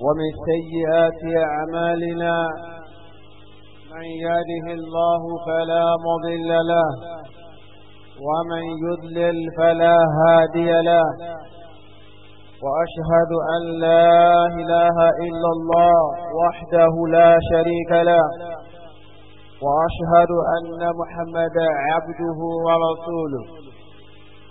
ومن سيئات أعمالنا من يده الله فلا مضل له ومن يضلل فلا هادي له وأشهد أن لا إله إلا الله وحده لا شريك له وأشهد أن محمد عبده ورسوله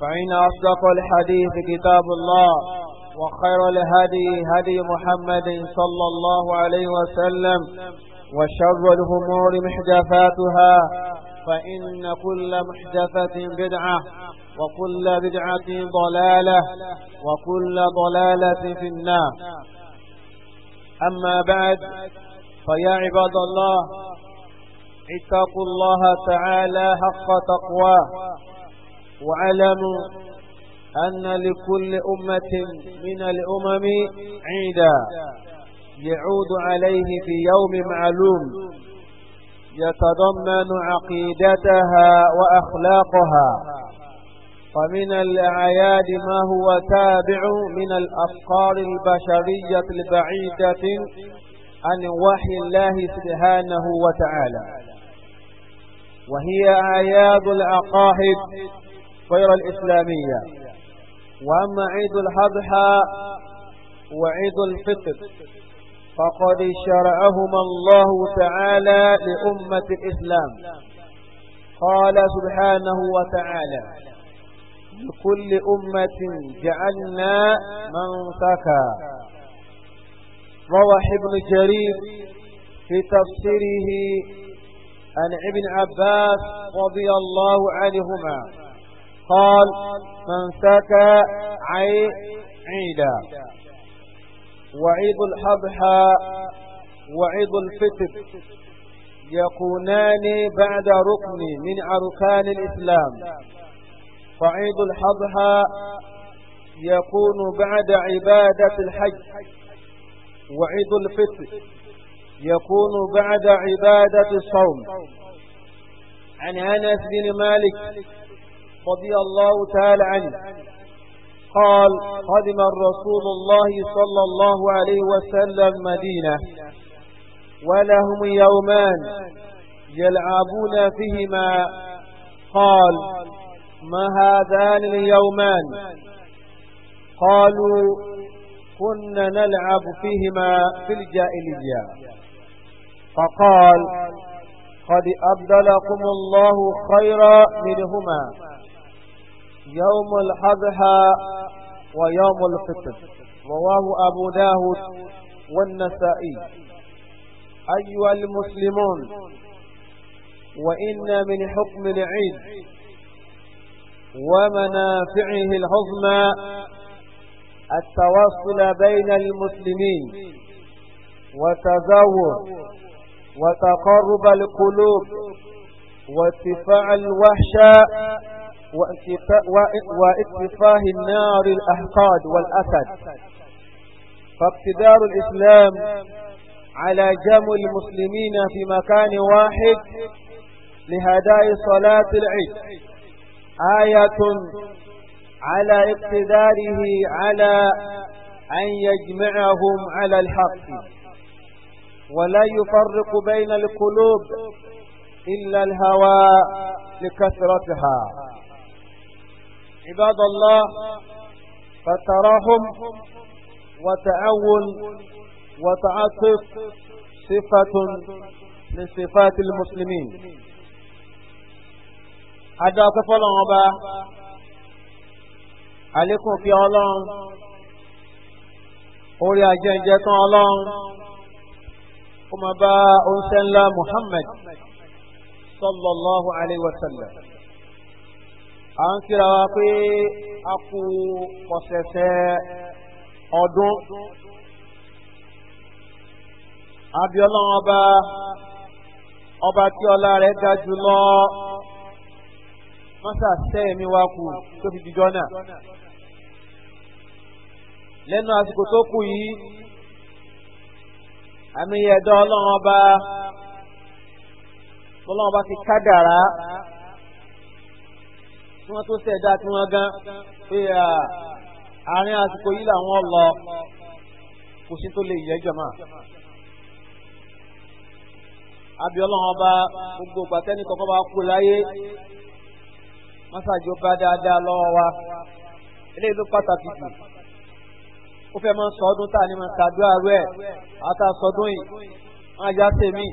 فإن أصدق الحديث كتاب الله وخير الهدي هدي محمد صلى الله عليه وسلم وشر الهمور محدثاتها فإن كل محدثة بدعة وكل بدعة ضلالة وكل ضلالة في النار أما بعد فيا عباد الله اتقوا الله تعالى حق تقواه واعلموا أن لكل أمة من الأمم عيدا يعود عليه في يوم معلوم يتضمن عقيدتها وأخلاقها ومن الأعياد ما هو تابع من الأفكار البشرية البعيدة عن وحي الله سبحانه وتعالى وهي أعياد العقائد غير الإسلامية وأما عيد الحضحى وعيد الفطر فقد شرعهما الله تعالى لأمة الإسلام قال سبحانه وتعالى لكل أمة جعلنا منسكا روى ابن جرير في تفسيره عن ابن عباس رضي الله عنهما قال من سكى عيدا وعيد الحضحى وعيد الفطر يكونان بعد ركن من أركان الإسلام فعيد الحضحى يكون بعد عبادة الحج وعيد الفطر يكون بعد عبادة الصوم عن أنس بن مالك رضي الله تعالى عنه قال قدم الرسول الله صلى الله عليه وسلم مدينة ولهم يومان يلعبون فيهما قال ما هذان اليومان قالوا كنا نلعب فيهما في الجائلية فقال قد أبدلكم الله خيرا منهما يوم الأضحى ويوم الفطر رواه أبو داود والنسائي أيها المسلمون وإن من حكم العيد ومنافعه العظمى التواصل بين المسلمين وتزور وتقرب القلوب واتفاع الوحشة واتفاه النار الأحقاد والأسد فاقتدار الإسلام على جمع المسلمين في مكان واحد لهداء صلاة العيد آية على اقتداره على أن يجمعهم على الحق ولا يفرق بين القلوب إلا الهوى لكثرتها عباد الله فترحم وتأول وتعطف صفة من صفات المسلمين هذا كفل أبا عليكم في الله orí ajẹ́njẹ́ tán ọlọ́run kó máa bá oúnjẹ ńlá Muhammad sallallahu alayhi wa sallam. à ń wa pé a kú ọba ọba tí ga jùlọ mọ́sà sẹ́yìn mi wá kú tó fi dijọ́ náà lẹ́nu àsìkò tó kù yìí ọba ti tí wọ́n tó ṣẹ̀dá tí wọ́n gan pé àárín àsìkò yìí làwọn lọ kò sí tó lè yẹ jọ̀mọ́. àbí ọlọ́run ọba gbogbo gbàtẹ́nì kọ́kọ́ bá kú láyé mọ́sàájú bá dáadáa lọ́wọ́ wa eléyìí ló pàtàkì jù ó fẹ́ máa ń tá a ní máa ṣàdúrà rẹ̀ àtà sọdún yìí wọ́n á já sèmi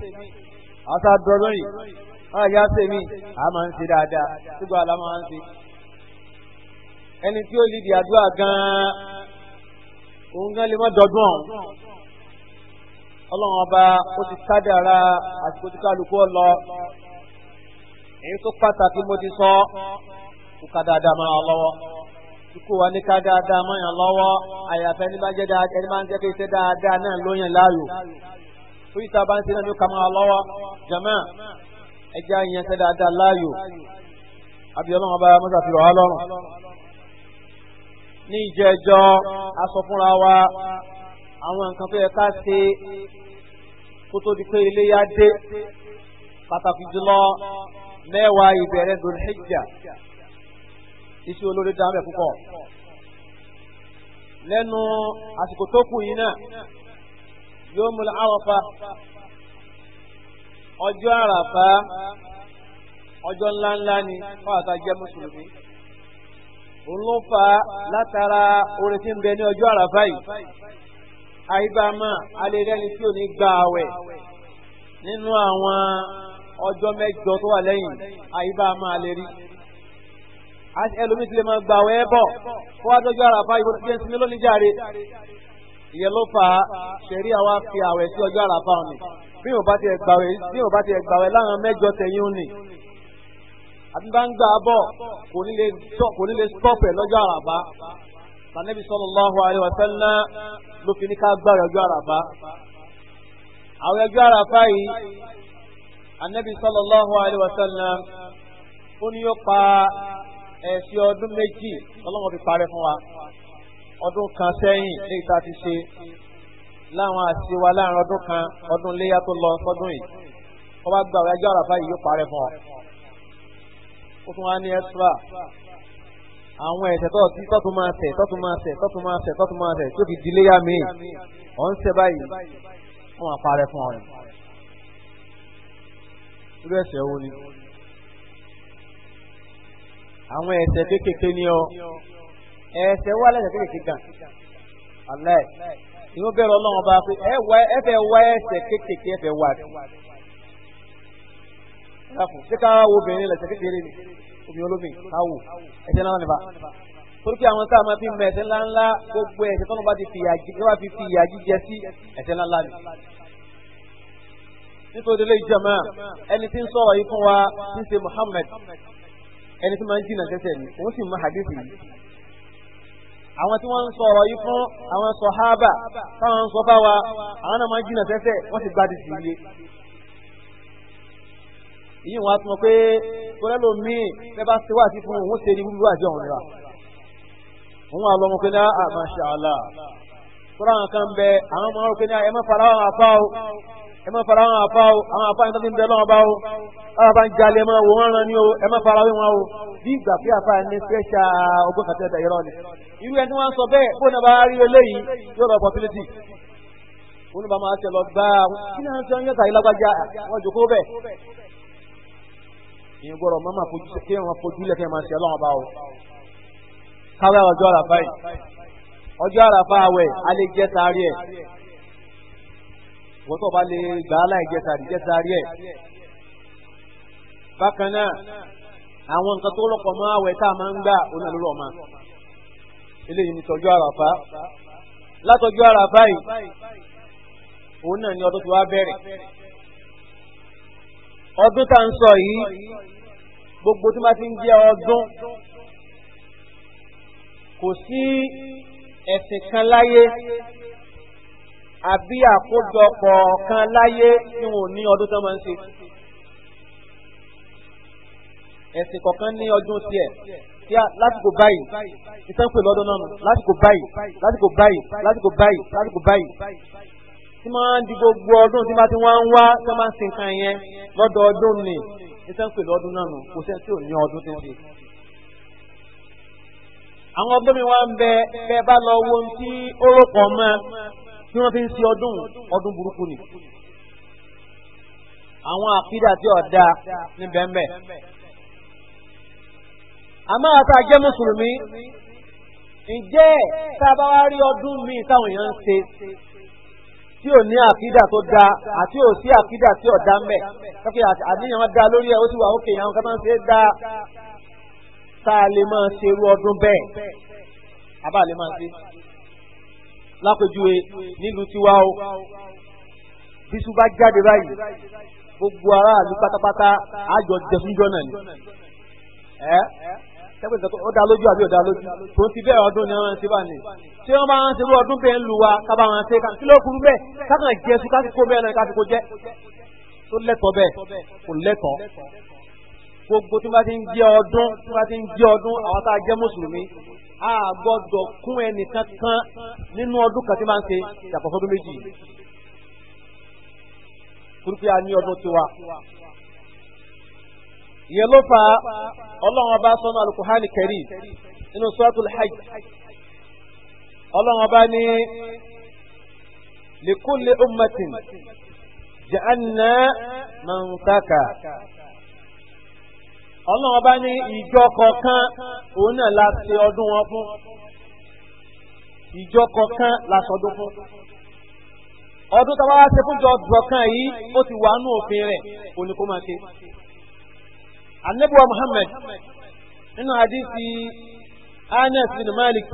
àtà yìí àwọn ìyá sèmi a máa ń ṣe dáadáa ṣùgbọ́n àlá máa ń ṣe. ẹni tí ó lìdí àdúrà gan-an òun gan lè mọ́ dọ́gbọ́n ọlọ́run ọba ó ti kádàrá àsìkò tí kálukú ọ lọ èyí tó pàtàkì mo ti sọ kó ká dáadáa máa lọ́wọ́ kíkó wa ní ká dáadáa máa yàn lọ́wọ́ àyàfẹ́ ẹni máa ń jẹ́ dáadáa ẹni máa ń jẹ́ pé iṣẹ́ dáadáa náà ló láàyò fún ìta bá ń ṣe náà ló kà máa lọ́wọ́ jàmáà ẹja ìyẹnsẹ dáadáa láàyò abiyọlọ ọba mọsàfi wà lọ́rùn ní ìjẹjọ aṣọ fúnra wa àwọn nǹkan tó yẹ ká ṣe kó tó di pé iléyá dé pàtàkì jùlọ mẹ́wàá ìbẹ̀rẹ̀ dòlhíjà iṣẹ́ olórí dáhùn ẹ̀ púpọ̀ àsìkò tó kù yìí náà yóò múlẹ̀ àwọn fa. ọjọ́ àràfá ọjọ́ ńláńlá ni fáwọ́ta jẹ́ mùsùlùmí òun ló fa látara orin tí ń bẹ ní ọjọ́ àràfá yìí àyíbámà alẹ́rẹ́ni tí ò ní gba àwẹ̀ nínú àwọn ọjọ́ mẹ́jọ tó wà lẹ́yìn àyíbámà alẹ́rí ẹlòmí lè máa gba àwẹ̀ bọ̀ kó wá dọ́jọ́ àràfá lónìí ìyẹn ló fa ṣẹ̀rí àwa fi àwẹ̀ sí bí wọn bá tiẹ̀ gbàwé bí wọn bá tiẹ̀ gbàwé láwọn mẹ́jọ tẹ̀yìn òní àti bá ń gbà bọ̀ kò ní lè kò ní lè stọ́pẹ̀ lọ́jọ́ àràbá sànẹ́bí sallallahu alaihi wasallam ló fi ní ká gbàrà ọjọ́ àràbá àwọn ọjọ́ àràbá yìí ànẹ́bí sallallahu alaihi wasallam ó ní yóò pa ẹ̀sìn ọdún méjì ọlọ́wọ́n fi parẹ́ fún wa ọdún kan sẹ́yìn ní ìta ti ṣe láwọn àti láàrin ọdún kan ọdún léyà tó lọ sọdún yìí wọ́n bá gba ọ̀rẹ́jọ́ àràfà yìí yóò parẹ́ fún ọ. ó tún wá ní ẹ́sùrà àwọn ẹ̀ṣẹ̀ tó ti tọ́tù máa ṣẹ̀ tọ́tù máa ṣẹ̀ tọ́tù máa ṣẹ̀ tọ́tù máa ṣẹ̀ tó fi di léyà míì ọ̀ ń ṣe báyìí wọ́n máa parẹ́ fún ọ ni. irú ẹ̀ṣẹ̀ wo ni àwọn ẹ̀ṣẹ̀ kéékèèké ni ọ ẹ̀ṣẹ̀ wà lẹ́ṣẹ̀ kéékèèké gan alẹ́ ìwọ bẹ̀rẹ̀ ọlọ́run ọba pé ẹ fẹ́ wá ẹsẹ̀ kéékèèké ẹ fẹ́ wá sí. Dàpọ̀ ṣé ká wo obìnrin lẹ̀sẹ̀ kékeré ni obìnrin olómi ká wò ẹsẹ̀ náà nìbà. Torí àwọn tá a máa fi mọ ẹsẹ̀ ńláńlá gbogbo ẹsẹ̀ tọ́nà bá ti fi ìyà jíjẹ sí ẹsẹ̀ ńláńlá ni. Nítorí ilé ìjọba ẹni tí ń sọ̀rọ̀ yìí fún wa ti ń ṣe Muhammad ẹni tí máa ń jìnnà sẹ́sẹ̀ ni òun sì mọ hadith yìí àwọn tí wọ́n ń sọ ọ̀rọ̀ yìí fún àwọn sọ̀hábà táwọn ń sọ bá wa àwọn náà máa ń jìnà sẹ́sẹ̀ wọ́n ti gbádùn sí iye. ìyí wọn á tún mọ pé kọ́lẹ́lò míì fẹ́ bá ṣe wá sí fún òun ṣe ní búburú àjọ òun rà. òun àlọ́ ọmọ pé ní àmàṣà àlà kọ́lá àwọn kan bẹ àwọn ọmọ rò pé ní ẹ má fara àwọn àfa o ẹ má fara àwọn àfa o àwọn àfa yẹn tó ti ń bẹ lọ́wọ́ bá o àwọn àfa ń jalè ẹ má wò wọ́n ràn ní o ẹ má fara wí wọn o bí ìgbà pé àfa ẹni fẹ́ṣà ogún kàtẹ́ ẹ̀dá irọ́ ni. irú ẹni wọn sọ bẹ́ẹ̀ bó nàbà rí eléyìí yóò lọ opportunity. wọn bá máa ṣe lọ gbá kí ni àwọn tí wọn yẹ wọn jòkó bẹ́ẹ̀. ìyẹn gbọ́dọ̀ má má fojú kí wọn fojú lẹ́kẹ́ máa ṣe wọ́n tó bá lè gbà á láì jẹ́ta rí jẹ́ta rí ẹ̀. bákan náà àwọn nǹkan tó lọ́pọ̀ mọ́ àwẹ̀ tá a máa ń gbà ó náà ló rọ̀ ma. eléyìí ni tọ́jú àràfá látọ́jú àràfá yìí òun náà ni ọdún tó wá bẹ̀rẹ̀. ọdún tá à ń sọ yìí gbogbo tí wọ́n ti ń jẹ́ ọdún kò sí ẹ̀sìn kan láyé àbí àkójọpọ̀ kan láyé tí wọn ò ní ọdún tó máa ń ṣe. ẹ̀sìn kọ̀ọ̀kan ní ọdún tiẹ̀ tí lásìkò báyìí ìtàn pè lọ́dún náà nù lásìkò báyìí lásìkò báyìí lásìkò báyìí lásìkò báyìí tí máa ń di gbogbo ọdún tí máa ti wọ́n ń wá tí wọ́n máa ń sin kan yẹn lọ́dọọdún ni ìtàn pè lọ́dún náà kò sẹ́ni tí ò ní ọdún tó ń ṣe àwọn ọgbọ́n mi wá ń bẹ bẹ́ẹ̀ bá lọ wo ohun tí ó rò pọ̀ mọ́ tí wọ́n fi ń ṣe ọdún ọdún burúkú ni àwọn àkídà tí ọ̀dà ní bẹ́ẹ̀mbẹ́. àmọ́ àtà jẹ́ mùsùlùmí ǹjẹ́ tá a bá wá rí ọdún míì táwọn èèyàn ń ṣe tí ò ní àkídà tó dáa àti ò sí àkídà tí ò dá mbẹ kọfí àníyàn wọn dá lórí ẹ ó sì wà ókè àwọn kan máa ń ṣe é dá tá a lè máa ṣerú ọdún bẹ́ẹ̀ àbá lè máa ṣe lápèjúwe nílùú tiwa o bísú bá jáde báyìí gbogbo aráàlú pátápátá àjọ jẹsúnjọ náà ni ẹ sẹ́gbẹ̀ẹ́ sọ pé ó dá lójú àbí ó dá lójú tó ń ti bẹ́ẹ̀ ọdún ni wọ́n ti bá ní. tí wọ́n bá ń ṣe irú ọdún bẹ́ẹ̀ ń lu wa kábà wọn ṣe kí ló kúrú bẹ́ẹ̀ kákan jẹ́sú kásìkò bẹ́ẹ̀ náà kásìkò jẹ́ tó lẹ́tọ̀ọ́ bẹ́ẹ̀ kò lẹ́tọ̀ọ́ gbogbo tí wọ́n ti ń jẹ́ ọdún tí wọ́n ti ń jẹ́ ọdún àwọn tá a jẹ́ mùsùlùmí a gbọ́dọ̀ kún ẹnìkan kan nínú ọdún kan tí máa ń ṣe yàtọ̀ fọdún méjì kúrúpì a ní ọdún tiwa. ìyẹn ló fa ọlọ́run ọba sọ́nà alukuhani kẹrì nínú suratul hajj ọlọ́run ọba ní likulli ummatin ja'anna man taka. ọlọ́run ọba ní ìjọ kọ̀ọ̀kan òun náà la ṣe ọdún wọn fún ìjọ kọ̀ọ̀kan la fún ọdún tó bá wá ṣe fún jọ yìí ó ti wà òfin rẹ̀ òun ni muhammed nínú àdìsí anas bin malik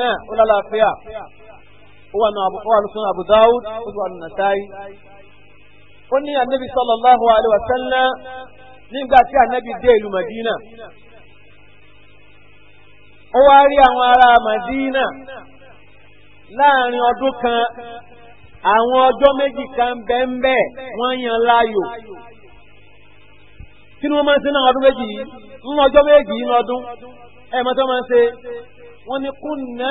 náà ó abu ó wà nù ó ní anabi sallallahu alayhi wa nígbà tí ànábì dé ìlú Madina ó wá rí àwọn ará Madina láàrin ọdún kan àwọn ọjọ́ méjì kan bẹ́ẹ̀nbẹ́ wọ́n yan láàyò kí ni wọ́n máa ń ṣe náà ọdún méjì yìí nínú ọjọ́ méjì yìí lọ́dún ẹ̀ mọ́tọ́ máa ń se wọ́n ní kúnnà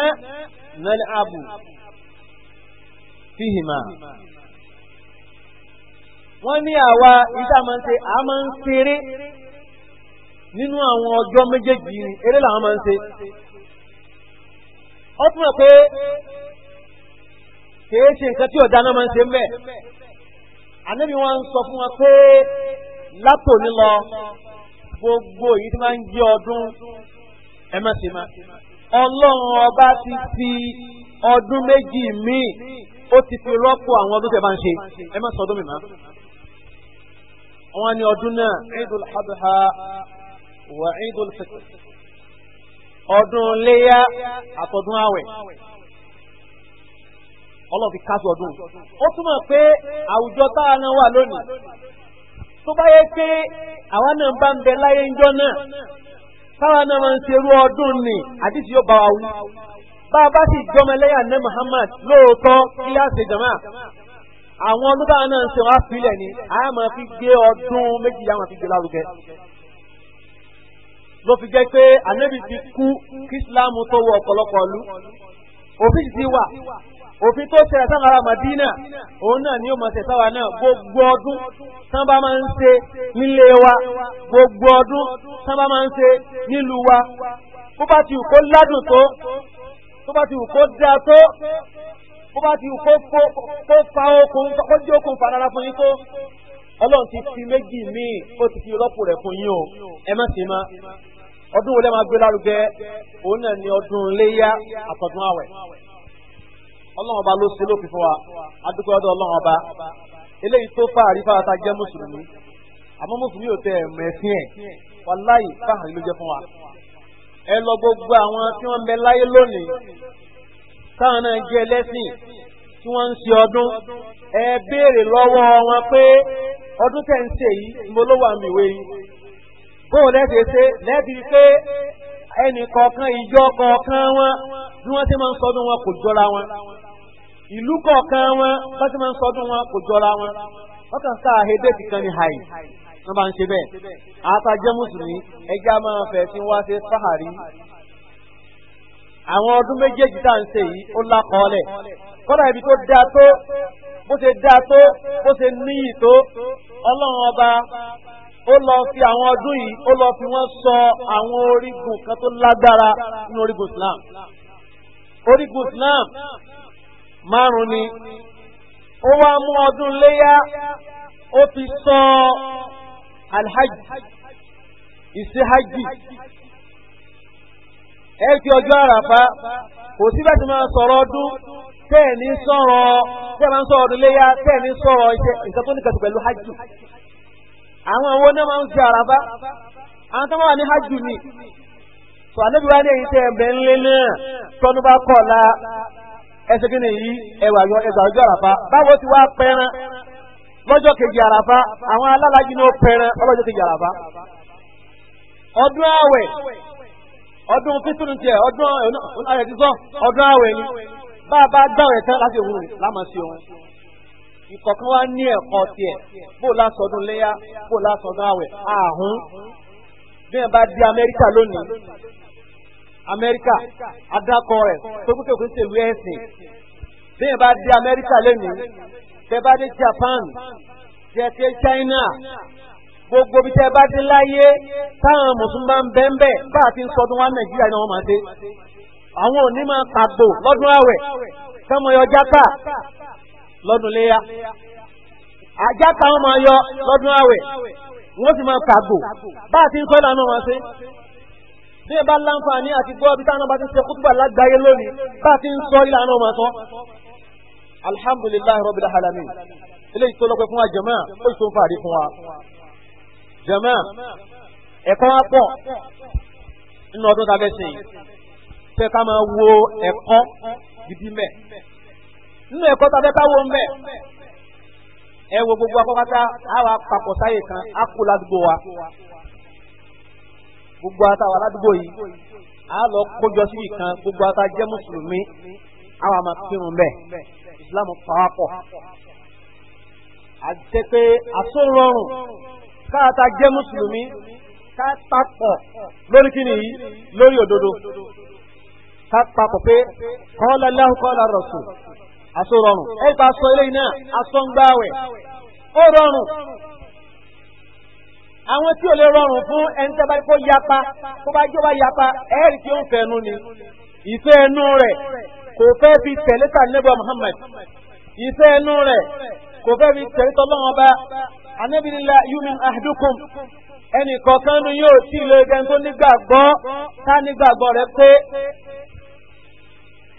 nal'abu fihima. wọ́n ní àwa ìta máa a máa ń ṣeré nínú àwọn ọjọ́ méjèèjì ni eré làwọn máa ń ṣe ó túnmọ̀ pé kìí ṣe nǹkan tí ọ̀dà náà máa ń ṣe mẹ́ ànábì wọn ń sọ fún wọn pé látò ní lọ gbogbo èyí tí máa ń jẹ ọdún ẹ má ṣe má ọlọ́run ọba ti fi ọdún méjì míì ó ti fi rọ́pò àwọn ọdún tẹ̀ bá ń ṣe ẹ má sọ ọdún mi má. wọ́n ní ọdún náà Adha wa Eidul Fitr ọdún léyà àtọ̀dún àwẹ̀ ọlọ́run fi kásù ọdún ó túmọ̀ pé àwùjọ táwa náà lónìí tó pé àwa náà bá naa. bẹ láyé ń ṣerú ni wa bá a bá àwọn ọdún táwọn náà ń ṣe wọn á filẹ̀ ni a máa fi gbé ọdún méjì yá máa fi gbé lárugẹ. ló fi jẹ́ pé ànábì ti kú kí islámù tó wọ ọ̀pọ̀lọpọ̀ ìlú òfin ti wà òfin tó ṣẹlẹ̀ sáwọn ará Madina òun náà ni ó mọ̀ ṣẹ̀ṣẹ̀ wa náà gbogbo ọdún tán bá máa ń ṣe nílé wa gbogbo ọdún tán bá máa ń ṣe nílùú wa bó bá ti wù kó ládùn tó tó bá ti wù kó dáa tó bó bá ti kó fa okun kó jẹ́ okun fanara fún yín tó ọlọ́run ti fi méjì míì ó ti fi rọ́pò rẹ̀ fún yín o ẹ má sì má ọdún wo lẹ́ máa gbé lárugẹ òun náà ni ọdún léyà àtọ̀dún àwẹ̀ ọlọ́run ọba ló ṣe lófin fún wa adúgbò ọdún ọlọ́run ọba eléyìí tó fàárí fáwọn tá a jẹ́ mùsùlùmí àmọ́ mùsùlùmí ò tẹ ẹ̀mọ ẹ̀sìn ẹ̀ wàláyì fáàrí ló jẹ́ fún wa ẹ lọ gbogbo àwọn tí wọ́n ń láyé lónìí táwọn náà jẹ́ ẹlẹ́sìn tí wọ́n ń ṣe ọdún ẹ béèrè lọ́wọ́ wọn pé ọdún tẹ̀ ń ṣe yìí mo ló wà mí bóun lẹ́sẹ̀ ṣe lẹ́bi pé ẹnì kọ̀ọ̀kan ìjọ kọ̀ọ̀kan wọn bí wọ́n máa ń sọdún wọn kò jọra wọn ìlú kọ̀ọ̀kan wọn máa ń sọdún wọn kò jọra wọn wọ́n kàn ní hàì wọ́n bá ń àwọn ọdún méjèèjì tá à ń ṣe yìí ó lákọọ́lẹ̀ kọ́dà ibi tó dáa tó bó ṣe dáa tó bó ṣe níyì tó ọlọ́run ọba ó lọ fi àwọn ọdún yìí ó lọ fi wọ́n sọ àwọn orígun kan tó lágbára nínú orígun Islam orígun Islam márùn ni ó wá mú ọdún léyá ó fi sọ alhaji ìṣe hajj Eji fi ọjọ́ àràfá kò sí tí máa sọ̀rọ̀ ọdún tẹ́ẹ̀ ní sọ̀rọ̀ tẹ́ẹ̀ máa ń sọ̀rọ̀ ọdún léyà tẹ́ẹ̀ ní sọ̀rọ̀ iṣẹ́ ìṣẹ́ tó ní kẹsì pẹ̀lú hajj àwọn owó náà máa ń àràfá ni so ànábi wá ní èyí tẹ́ ẹ̀bẹ̀ ńlẹ̀ náà tọ́nu bá kọ̀ la ẹsẹ̀ kí ni yìí ẹwà ẹgbà àràfá báwo ti wá pẹ́ran lọ́jọ́ kejì àràfá àwọn alálàájì ní ó pẹ́ran lọ́jọ́ kejì àràfá ọdún fítúrú tiẹ̀ ọdún ayẹ̀ ti sọ ọdún àwẹ̀ ni bá a bá dáwẹ̀ tán láti òun lámà sí òun ìkọ̀kan wá ní ẹ̀kọ́ tiẹ̀ bó lásọdún léyà bó lásọdún àwẹ̀ ààhún bí ẹ bá di Amẹ́ríkà lónìí Amẹ́ríkà adakọ rẹ̀ tó kúkẹ́ kò ń ṣe wí ẹ̀sìn bí ẹ bá di Amẹ́ríkà lónìí tẹ bá di Japan tẹ tẹ China gbogbo bí tẹ́ bá dé láyé táwọn mùsùlùmí bá ń bẹ́ńbẹ́ bá a ti ń sọdún wa nàìjíríà ni wọ́n máa dé àwọn òní máa tàgbò lọ́dún àwẹ̀ kẹ́mọ yọ jáká lọ́dún léyà àjáká wọn máa yọ lọ́dún àwẹ̀ wọ́n sì máa tàgbò bá a ti ń kọ́ ìlànà wọn sí bí ẹ bá láǹfààní àti gbọ́ bí táwọn bá ti ṣe kútùbà lágbàáyé lónìí bá a ti ń sọ ìlànà wọn sọ alhamdulilayi rabbil alamin eléyìí tó lọ́pẹ́ fún wa jàmáà ó sì tó ń fàárí fún wa jama ẹ̀kọ́ wa pọ̀ nínú ọdún tàbí sìn pé ká máa wo ẹ̀kọ́ gidi mẹ́ nínú ẹ̀kọ́ tàbí ká wo mẹ́ ẹ wo gbogbo akọ́kátá àwa papọ̀ sáyè kan á kó ládùúgbò wa gbogbo àtàwọn aládùúgbò yìí á lọ kójọ síbi kan gbogbo àtà jẹ́ mùsùlùmí àwa máa kírun bẹ́ẹ̀ islam pàápọ̀ àti pé àsọ̀rọ̀rùn káàtà jẹ́ mùsùlùmí ká papọ̀ lórí kíni yìí lórí òdodo ká papọ̀ pé kọ́ńlá lẹ́hùn kọ́ńlá rọ̀sùn àsọ̀rọ̀rùn ẹ̀ bá sọ eléyìí náà asọ́ngbáwẹ̀ ó rọrùn àwọn tí ò lè rọrùn fún ẹni tẹ́ bá kó yapa tó bá jọba yapa ẹ̀rì tí ó ń fẹnu ni ìfẹ́ ẹnu rẹ̀ kò fẹ́ fi tẹ̀lé sàn nígbà Muhammad ìfẹ́ ẹnu rẹ̀ kò fẹ́ fi tẹ̀lé tọ́lọ́wọ́n bá anábìnilá yúmi àdúkùn ẹnì kọ̀ọ̀kan nu yóò tí ilé ẹgbẹ́ tó nígbàgbọ́ tá nígbàgbọ́ rẹ pé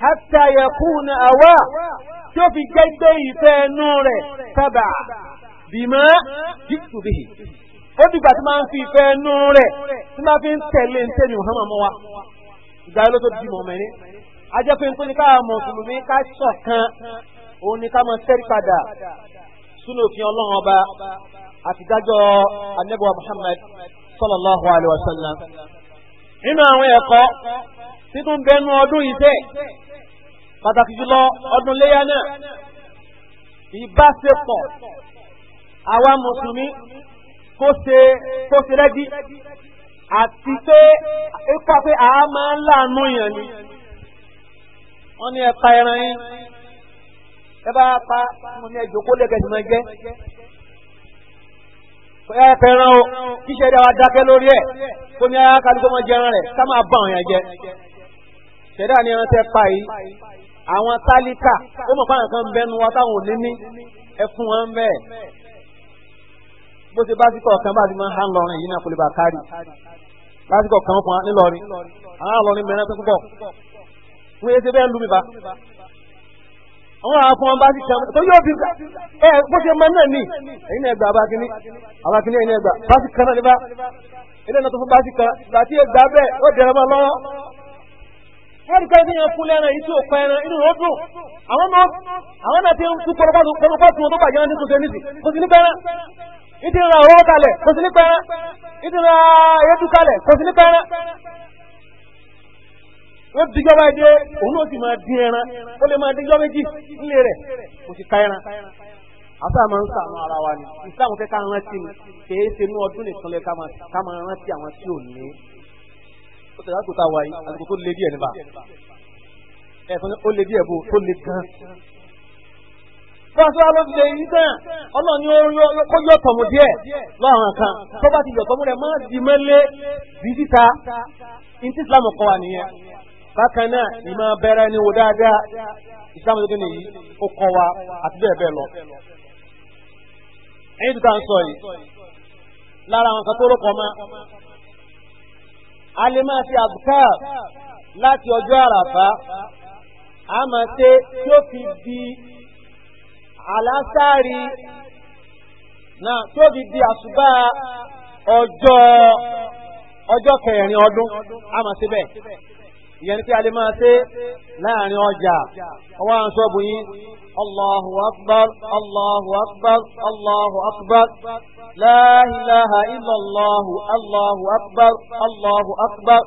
hátà yẹkùn àwa tí ó fi gẹ́gbẹ́ ìfẹ́ ẹnu rẹ̀ sábà bìmọ́ jìtùbìhì ó dìgbà tí máa ń fi ìfẹ́ ẹnu rẹ̀ tí máa fi ń tẹ̀lé ń tẹ̀lé Muhammad mọ́ wa ìgbà yẹn ló tó di mẹ́rin ajẹ́ pé ń tó ní ká mùsùlùmí ká ṣọ̀kan òun ni ká mọ sẹ́rí padà sínú òfin ọlọ́run ọba àtidájọ́ anábọ̀ Muhammad sallallahu alayhi wa sallam. nínú àwọn ẹ̀kọ́ títún bẹnu ọdún iṣẹ́ pàtàkì jùlọ ọdún léyà náà ìbáṣepọ̀ àwa mùsùlùmí kó ṣe kó ṣe rẹ́gí àti pé ipa pé àá máa ń láàánú yẹn ni wọ́n ní ẹ̀ka ẹran yẹn ẹ bá pa mo ní ẹjọ́ kó lẹ́kẹ̀ẹ́ sì máa jẹ́ ẹ o kí ṣe dáa dákẹ́ lórí ẹ̀ kó ní ara kálukọ́ máa jẹran rẹ̀ ká máa bá àwọn yẹn jẹ ṣẹ̀dá ni ẹran tẹ́ pa yìí àwọn tálíkà ó mọ̀ fáwọn kan bẹnu wa táwọn ò ní ní ẹ fún wọn bẹ́ẹ̀ bó ṣe básíkọ̀ kan bá ti máa hàn lọrin yìí náà kò lè bá kárì básíkọ̀ kan fún wa nílọrin àwọn àlọrin mẹ́rin pín púpọ̀ wọ́n yẹ ṣe bẹ́ẹ̀ lù bá àwọn àfọn bá ti sàmù tó yóò bí ẹ bó ṣe máa náà ní ẹ̀yin náà gbà abákiní abákiní ẹ̀yin náà gbà bá ti kan náà ní bá ilé náà tó fún bá ti kan gbà tí ègbà bẹ́ẹ̀ ó dẹ̀rẹ̀ mọ́ lọ́wọ́. wọ́n ti kọ́ ẹni yẹn fúnlẹ̀ ẹran ìtú òpin ẹran inú rẹ̀ dùn àwọn náà àwọn náà ti ń tún pọ̀lọpọ̀ pọ̀lọpọ̀ tó bàjẹ́ wọn ti tún ṣe sí ní pẹ́ẹ́rẹ́ ìdí wọ́n dijọ́ báyìí dé òun náà sì máa dín ẹran ó lè máa dijọ́ méjì nílé rẹ̀ kò sì ka ẹran. àṣà máa ń sànú ara wa ni ìsìláàmù fẹ́ ká rántí ni kèé ṣe inú ọdún nìkan lẹ ká máa rántí àwọn tí ò ní. ó tẹ̀lé àgùntà wa yìí àgùntà tó le díẹ̀ níbà ẹ̀sán ó le díẹ̀ bò tó le gan. Fọ́nṣọ́ ló ti lè yí sẹ́yìn, ni ó kó yọ tọ̀mù díẹ̀ lọ́rùn kan, tó bá ti yọ tọ̀mù rẹ̀ máa di mẹ́lẹ́ bí títa, bákan náà ìmọ̀ bẹ̀rẹ̀ ni wò dáadáa ìsìlámù tó nìyí ó kọ́ wa àti bẹ́ẹ̀ bẹ́ẹ̀ lọ. ẹ̀yin tó ta ń sọ yìí lára àwọn kan tó rọ́pọ̀ mọ́ a lè máa ṣe àbùkà láti ọjọ́ àràfá a máa ṣe tí ó fi di àlásáàrí náà tí ó fi di àṣùbà ọjọ́ ọjọ́ kẹrin ọdún a máa ṣe bẹ́ẹ̀ ìyẹn ni pé a lè máa ṣe láàrin ọjà ọwọ́ àwọn ṣọ́ọ̀bù yín allahu akbar allahu akbar allahu akbar la ilaha illa allahu allahu akbar allahu akbar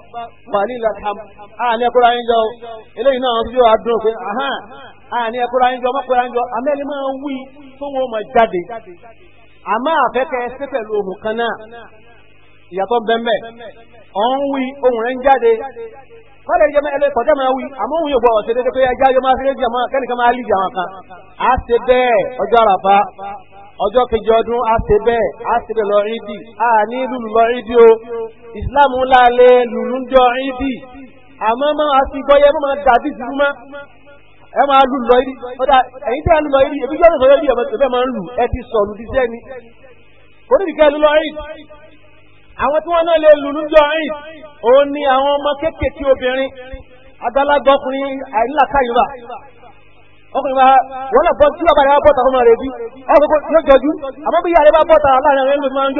walil alham àní ẹkúra yín jọ eléyìí náà yóò adùn pé àní ẹkúra yín jọ ọmọkùnrin yín jọ amẹ́lẹ́ máa ń wí tó wọ́n máa jáde àmọ́ àfẹ́kẹ́ ṣe pẹ̀lú ohun kan náà ìyàtọ̀ bẹ́ẹ̀ bẹ́ẹ̀ ọ̀ ń wí ohun rẹ̀ ń jáde kọ́lẹ̀ ìjọba ẹlẹ́kọ̀ọ́ tẹ́ máa wí àmọ́ òun yóò gbọ́ ọ̀sẹ̀ dédé pé ẹja yóò máa fi rédíò máa kẹ́nìkan máa lì jàwọn kan á ṣe bẹ́ẹ̀ ọjọ́ àràfá ọjọ́ kejì ọdún á ṣe bẹ́ẹ̀ á ṣe bẹ́ẹ̀ lọ rídì á ní lùlù lọ rídì o ìsìláàmù ńlá lè lùlù ń jọ rídì àmọ́ máa fi gbọ́yẹ mọ́ máa dàbí ìdúró mọ́ ẹ máa lù lọ rídì ọ̀dà ẹ̀yin tẹ́ lù lọ rídì èmi yọ̀ọ̀dọ̀ àwọn tí wọn náà lè lù ní rìn òun ni àwọn ọmọ kéékèèké obìnrin àgbàlagbà ọkùnrin àìnílàkàyìnbá ọkùnrin bá lọ bọ́ tí bá fún ọmọ bí ọkùnrin jọjú bí ìyá bá láàrin máa ń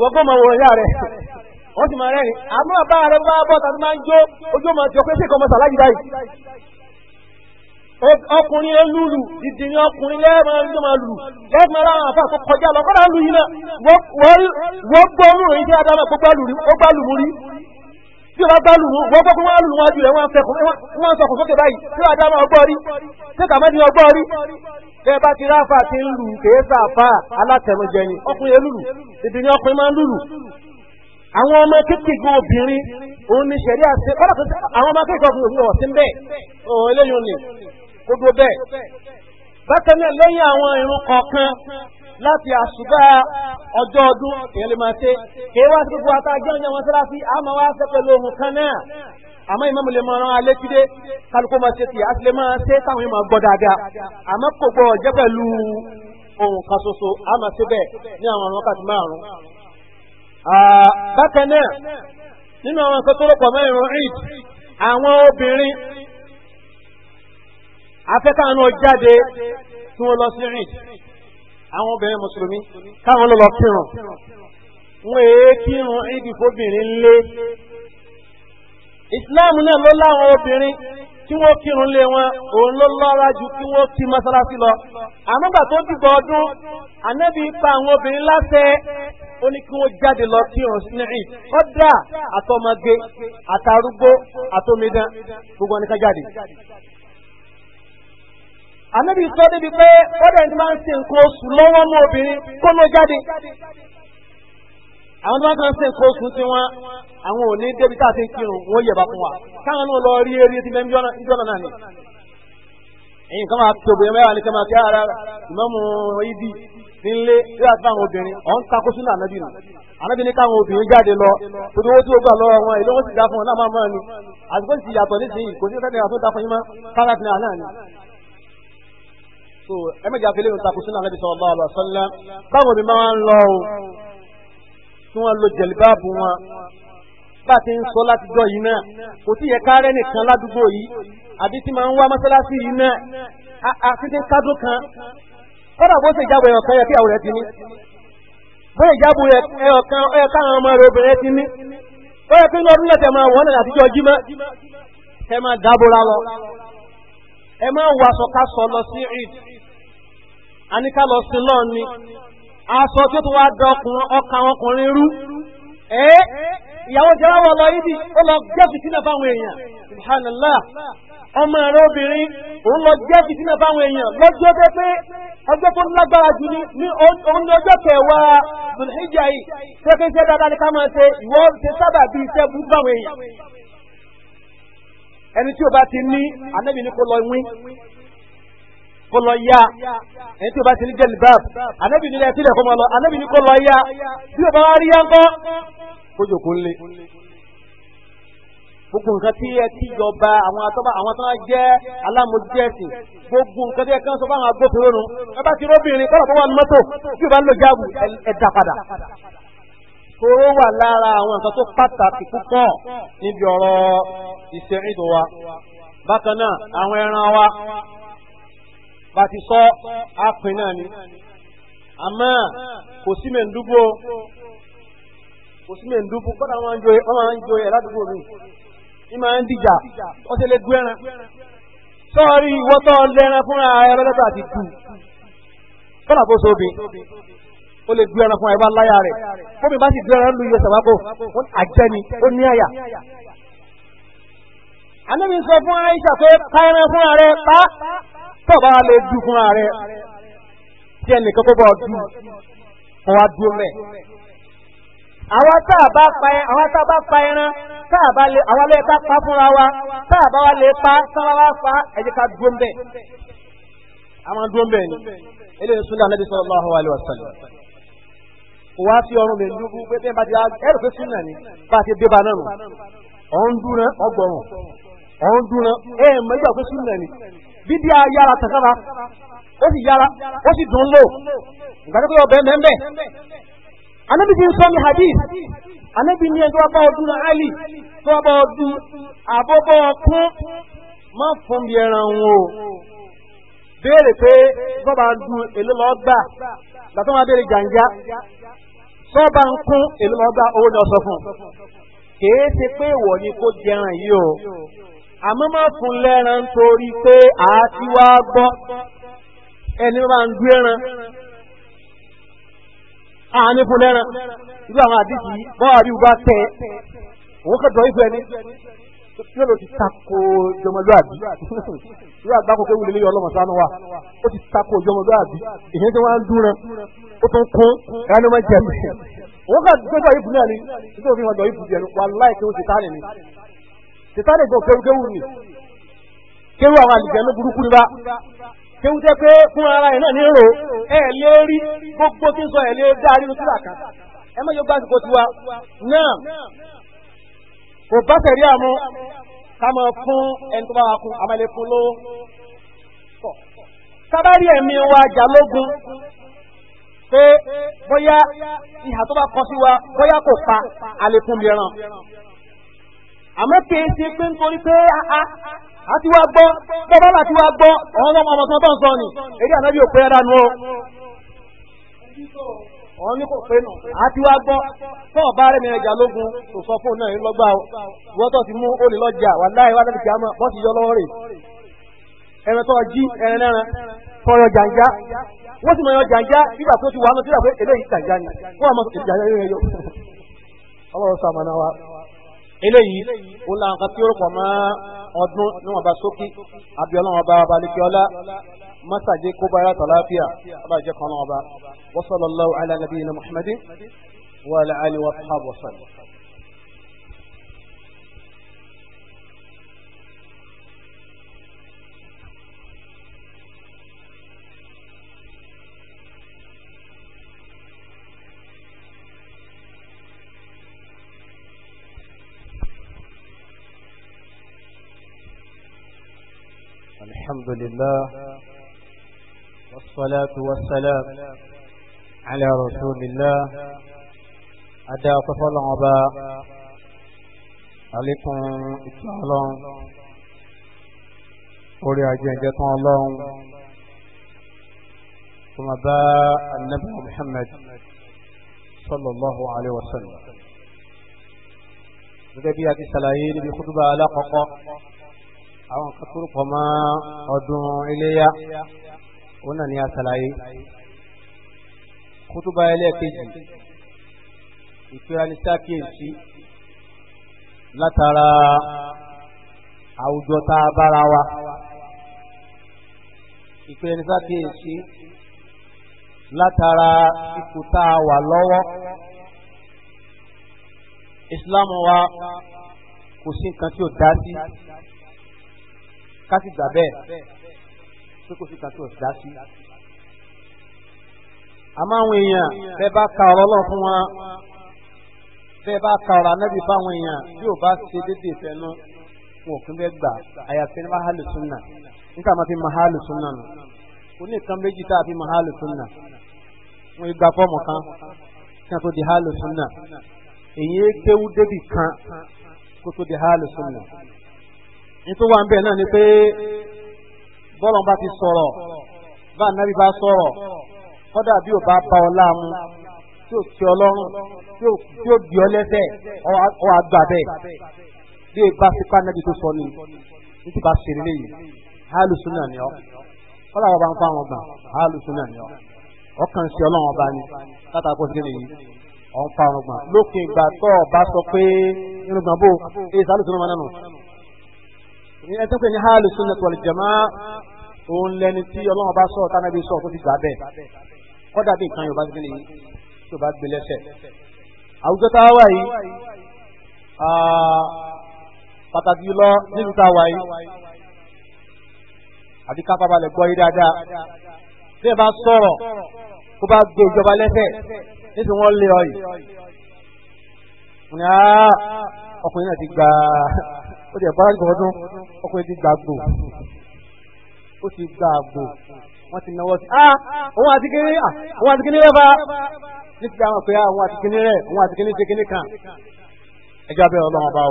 wọ́n wọ ìyá rẹ̀ wọ́n sì máa bá máa ń jó ojú ọmọ tí ọkùnrin sì ọkùnrin lúlù dìdì ní ọkùnrin lẹ́ẹ̀mọ́ lù lẹ́ẹ̀mọ́ láwọn àfà tó kọjá lọ kọ́dà lù yìí náà wọ́n gbọ́ ọmọ rẹ̀ iṣẹ́ adámẹ́ kó gbálù mú rí tí wọ́n gbálù mú wọ́n gbọ́ pé wọ́n lù wájú rẹ̀ wọ́n sọkùn sókè báyìí tí adámẹ́ ọgbọ́ rí tí kàmẹ́ni ọgbọ́ rí tẹ́ bá ti ráfà ti ń lù kèé sàfà alátẹnujẹ ni ọkùnrin lùlù dìdì ní ọkùnrin máa ń lùlù àwọn ọmọ kékeré obìnrin òun ni ṣẹ̀rí àti àwọn ọmọ kékeré obìnrin òun ọ̀sìn bẹ́ẹ̀ òun eléyìí ni kó dúró bẹ́ẹ̀. bákan náà lẹ́yìn àwọn irun kọ̀ọ̀kan láti àṣùbà ọjọ́ ọdún èèyàn lè máa ṣe kìí wá sí gbogbo àtàjọ́ ọjọ́ wọn sára sí àmọ́ wá ṣe pẹ̀lú ohun kan náà àmọ́ ìmọ̀ lè máa ran alẹ́ kídé máa ṣe tì á lè máa ṣe táwọn ìmọ̀ gbọ́ dáadáa àmọ́ kò gbọ́ jẹ́ pẹ̀lú ohun kan ṣoṣo àmọ́ síbẹ̀ ní àwọn ọ̀run wákàtí márùn bákan náà nínú àwọn akẹ́kọ̀ọ́ pọ̀ mẹ́rin àwọn obìnrin afẹ́ká náà jáde tí wọ́n lọ sí rìn àwọn obìnrin mùsùlùmí káwọn ló lọ kírun wọn èé kírun ìdí fóbìnrin lé ìsìláàmù náà ló láwọn obìnrin tí wọ́n kírun lé wọn òun ló lọ́ra ju kí wọ́n kí mọ́sálásí lọ àmọ́gbà tó dìgbà ọdún ànábì pa àwọn obìnrin láṣẹ ó ní kí wọ́n jáde lọ kírun sí rìn kọ́dà àtọmọge àtàrúgbó àtọmídán gbogbo ọ̀nìkan jáde ànábì sọ débi pé ọdọ ẹni máa ń ṣe nǹkan oṣù lọ́wọ́ mọ́ obìnrin kó ló jáde àwọn tó bá kàn ṣe nǹkan oṣù tiwọn àwọn ò ní débi tá a ti ń kírun wọn ó yẹba fún wa káwọn náà lọ rí eré ti mẹ́mí jọ́nà náà ni. ẹ̀yin kan máa tóbi ẹ̀mọ́ ẹ̀wà ni kan máa fi ara ìmọ̀mù ibi nílé yóò àti fáwọn obìnrin ọ̀n takó sínú ànábì nù ànábì ní káwọn obìnrin jáde lọ torí owó tí ó gbà lọ́wọ́ wọn ìlú wọn sì dá fún wọn náà máa máa ni àsìkò sì yàtọ̀ nísìnyí kò sí sẹ́ni àtúntà fún yín mọ́ káràtì náà náà ni so ẹ̀mẹ́jà fi léyìn takùsí náà lẹ́bi sọ̀rọ̀ lọ́wọ́ sọ́lá báwo ni máa ń lọ o tí wọ́n lo jẹ̀lìbáàbù wọn bá ti ń sọ látijọ́ yìí náà kò tí yẹ kárẹ́ nìkan ládùúgbò yìí àbí tí máa ń wá mọ́sálásí yìí náà àfihàn kádó kan kọ́dà bó ṣe ìjábọ̀ ẹ̀yọ̀ kan yẹ kí àwòrán ti ní bó ṣe ìjábọ̀ ẹ̀yọ̀ kan ẹ̀yọ̀ káwọn ọmọ rẹ̀ obìnrin ti ní ó yẹ kí lọ́dún lẹ́tẹ̀ máa wọ́n náà àtijọ́ jímọ́ ẹ máa dábòra lọ ẹ máa wàṣọ ká sọ lọ sí ìd a ní ká lọ sí lọ ni aṣọ tó tó wá ọkà ọkùnrin rú ẹ́ ìyàwó jẹ́wọ́ lọ ibi ó lọ jẹ́ fìtínà fáwọn èèyàn subhanallah ọmọ ẹ̀rọ obìnrin òun lọ jẹ́ fìtínà fáwọn èèyàn lọ́jọ́ tó pé ọjọ́ tó lágbára jù ní kẹwàá yìí dáadáa ní ká máa ṣe ìwọ ṣe sábà bí iṣẹ́ bú fáwọn èèyàn ẹni tí bá ti ní anábì kó lọ yá ẹni tí o bá ti ní jẹ́lì báàbù anábì nílẹ̀ sílẹ̀ kó máa lọ anábì ní kó lọ yá bí o bá wá rí yánkọ́ kó jòkó ńlẹ̀. gbogbo nǹkan tí ẹ ti jọba àwọn atọ́ba àwọn tó ń jẹ́ alámòjútó ẹ̀sìn gbogbo nǹkan tí ẹ kàn sọ fáwọn agbófinró nu ẹ bá ti róbìnrin kọ́lọ̀ tó wà ní mọ́tò tí o bá ń lo jáàbù ẹ dá padà. Toro wà lára àwọn nǹkan tó pàtàkì púpọ̀ níbi ọ̀rọ̀ ìṣẹ́rìndò wa. Bákan náà, àwọn ẹran wa bá ti sọ ápin náà ni àmọ́ kò sí mẹ́ndúgbò kò sí mẹ́ndúgbò kọ́dà wọn máa ń joyè ládùúgbò mi ní máa ń dìjà wọ́n ti lè gbé ẹran sọ́ọ̀rí ìwọ́tọ́ lẹ́ran fúnra ẹ̀rọ lẹ́tọ̀ àti tù kọ́dà kó sóbi ó lè gbé ẹran fún ẹ̀bá láyà rẹ̀ fómi bá sì gbé ẹran lu iye sàbábò àjẹni ó ní àyà. Ànábì sọ fún Aisha pé ká ẹran fúnra rẹ̀ pa tó bá lè dùn fún ààrẹ tí ẹnìkan kó bá ọ dùn fún wa dúró mẹ́. àwa tá a bá pa àwa tá pa ẹran tá a lè àwa lè ká pa fúnra wa tá a bá wa lè pa sábà wá pa ẹ jẹ́ ká dúró mẹ́. àwọn dúró mẹ́ ni eléyìí sunnah Nabi sallallahu alaihi wasallam wá sí ọrùn mi lúgbú pé bí ẹ bá ti ẹrù pé súnà ni bá ti dé ba náà ọ̀hún dúnà ọgbọ̀rùn ọ̀hún dúnà ẹ mọ̀ nígbà pé bíbí a yára tàkàrà ó sì yára ó sì dùn lò ìgbàdé pé ọbẹ̀ mẹ́mẹ́. anábì ti ń sọ ní hadith anábì ní ẹjọ́ bá ọdún ali tó bá ọdún àbọ̀bọ̀ ọkún má fún bí ẹran wọn o béèrè pé sọ́ba ń dun èlò lọ gbà gbàtọ́ máa béèrè jàǹjá sọ́ba ń kún èlò lọ owó ni ọ sọ fún kèé ṣe pé ìwọ ni kò jẹran yìí o àmọ́ má fún lẹ́ran torí pé àti wá gbọ́ ẹni bá ń gbé ẹran àní fún lẹ́ran irú àwọn àdìsí báwa bí wọ́n bá tẹ̀ òun kẹ́tọ̀ ìfẹ́ ni yóò lọ ti tako jọmọlúàbí irú àgbákò pé wulilé yọ ọlọ́mọ sánú wa ó ti tako jọmọlúàbí èyí tí wọ́n á dúró ó tún kún ẹni wọ́n jẹ̀ mí òun kẹ́tọ̀ ìfún náà ni nítorí wọn lọ ìfún jẹ̀ wà láì kí wọ́n ti ká nìyí sitani gbọ́ kéwukéwu ni kéwu àwọn àlùjànnú burúkú ni bá kéwu tẹ́ pé fún ara ẹ̀ náà ní rò ẹ̀ lé rí gbogbo tí ń sọ ẹ̀ lé dáa nínú sílà kan ẹ má yóò gbá àsìkò tiwa náà kò bá tẹ̀rí àmú ká máa fún ẹni tó bá wa kún wa jalógun pé bóyá ìhà tó wa bóyá kò pa àlékún mìíràn. àmọ́ kìí ṣe pé nítorí pé a ti wá gbọ́ bọ́bá ti wá gbọ́ ọ̀hún ọmọ ọmọ kan tó ń sọ ni èdè o a ti wá gbọ́ tó ọ̀bá rẹ̀ ní ẹja lógun sọ náà o wọ́tọ̀ ti mú olè lọ́jà wà bọ́ ti yọ lọ́wọ́ rè ẹ̀rẹ̀ tó jí ẹ̀rẹ̀ jàǹjá wọ́n sì mọ̀ yọ jàǹjá nígbà tó ti wà á lọ pé eléyìí ó la nǹkan tí ó rọ̀ mọ́ ọdún níwọ̀n bá sókè àbí ọlọ́run bá balikiola masaje kó bá yàtọ̀ láàfíà kan náà bá wa sallallahu nabiyina muhammadin wa ala wa sahbihi الحمد لله والصلاة والسلام على رسول الله أدى طفل عبا عليكم السلام قولي جاتوا الله ثم باء النبي محمد صلى الله عليه وسلم gẹ́gẹ́ bí سلايين بخطبة على قطع àwọn kan tó rúpọ̀ mọ́ ọdún iléyà òun náà ni a ṣàlàyé kútúbà ẹlẹ́ẹ̀kejì ìpéraní sákèèsí látara àwùjọ tá a bára wa ìpéraní látara ipò tá a wà lọ́wọ́ ìsìláàmù wa kò sí nǹkan tí ò dá sí. ká sì gbà bẹ́ẹ̀ pé kò sí kan tí ò dá sí. àmọ́ àwọn èèyàn bẹ́ẹ̀ bá ka ọ̀rọ̀ lọ fún wọn bẹ́ẹ̀ bá ka ọ̀rọ̀ anábì bá fi mahalu sunna nù kò ní nǹkan fi mahalu sunna wọn ìgbà kan kí di kan di nítorí wà ń bẹ̀ náà ni pé bọ́lọ̀ bá ti sọ̀rọ̀ bá nàbí bá sọ̀rọ̀ kọ́dà bí ò bá bá ọ láàmú tí ò fi ọlọ́run tí ò gbé ọ lẹ́sẹ̀ ọ àgbà bẹ́ẹ̀ bí ò bá fipá nàbí tó sọ ni nítorí bá ṣe nílé yìí hálùsùn náà ni ọ kọ́dà bá ń fa àwọn ọgbà hálùsùn náà ni ọ ọkàn sí ọlọ́run ọba ni látàkó sí nìyí ọ̀n fa ọ̀rùngbọ̀n lókè ìgbà tó ọba sọ pé irùngbọ̀n bò èyí sálùsùn náà máa nánu ìyẹn tó pè ní haalu sunnah wal jamaa òun lẹni tí ọlọ́run bá sọ̀rọ̀ tánàbí sọ̀rọ̀ tó fi gbà bẹ́ẹ̀ kọ́dà bí nǹkan yorùbá gbé nìyí tó bá gbé lẹ́sẹ̀. àwùjọ tá a wà yìí pàtàkì lọ nílùú tá a wà yìí àbí kápá balẹ̀ gbọ́ yìí dáadáa bí ẹ bá sọ̀rọ̀ kó bá gbé ìjọba lẹ́sẹ̀ nítorí wọ́n lé ọ yìí. ọkùnrin náà ti gba ó ti ẹ̀bọ́ra gbọ́ ọdún ọkùnrin ti gbàgbò ó ti gbàgbò wọ́n ti náwó sí. Ah! òun àti kíní ah! òun àti kíní rẹ́fà ní ti àwọn pé àwọn ah, àti kíní rẹ̀ òun àti kíní ṣe kíní kan ẹjọ́ abẹ́ ọlọ́run ọba o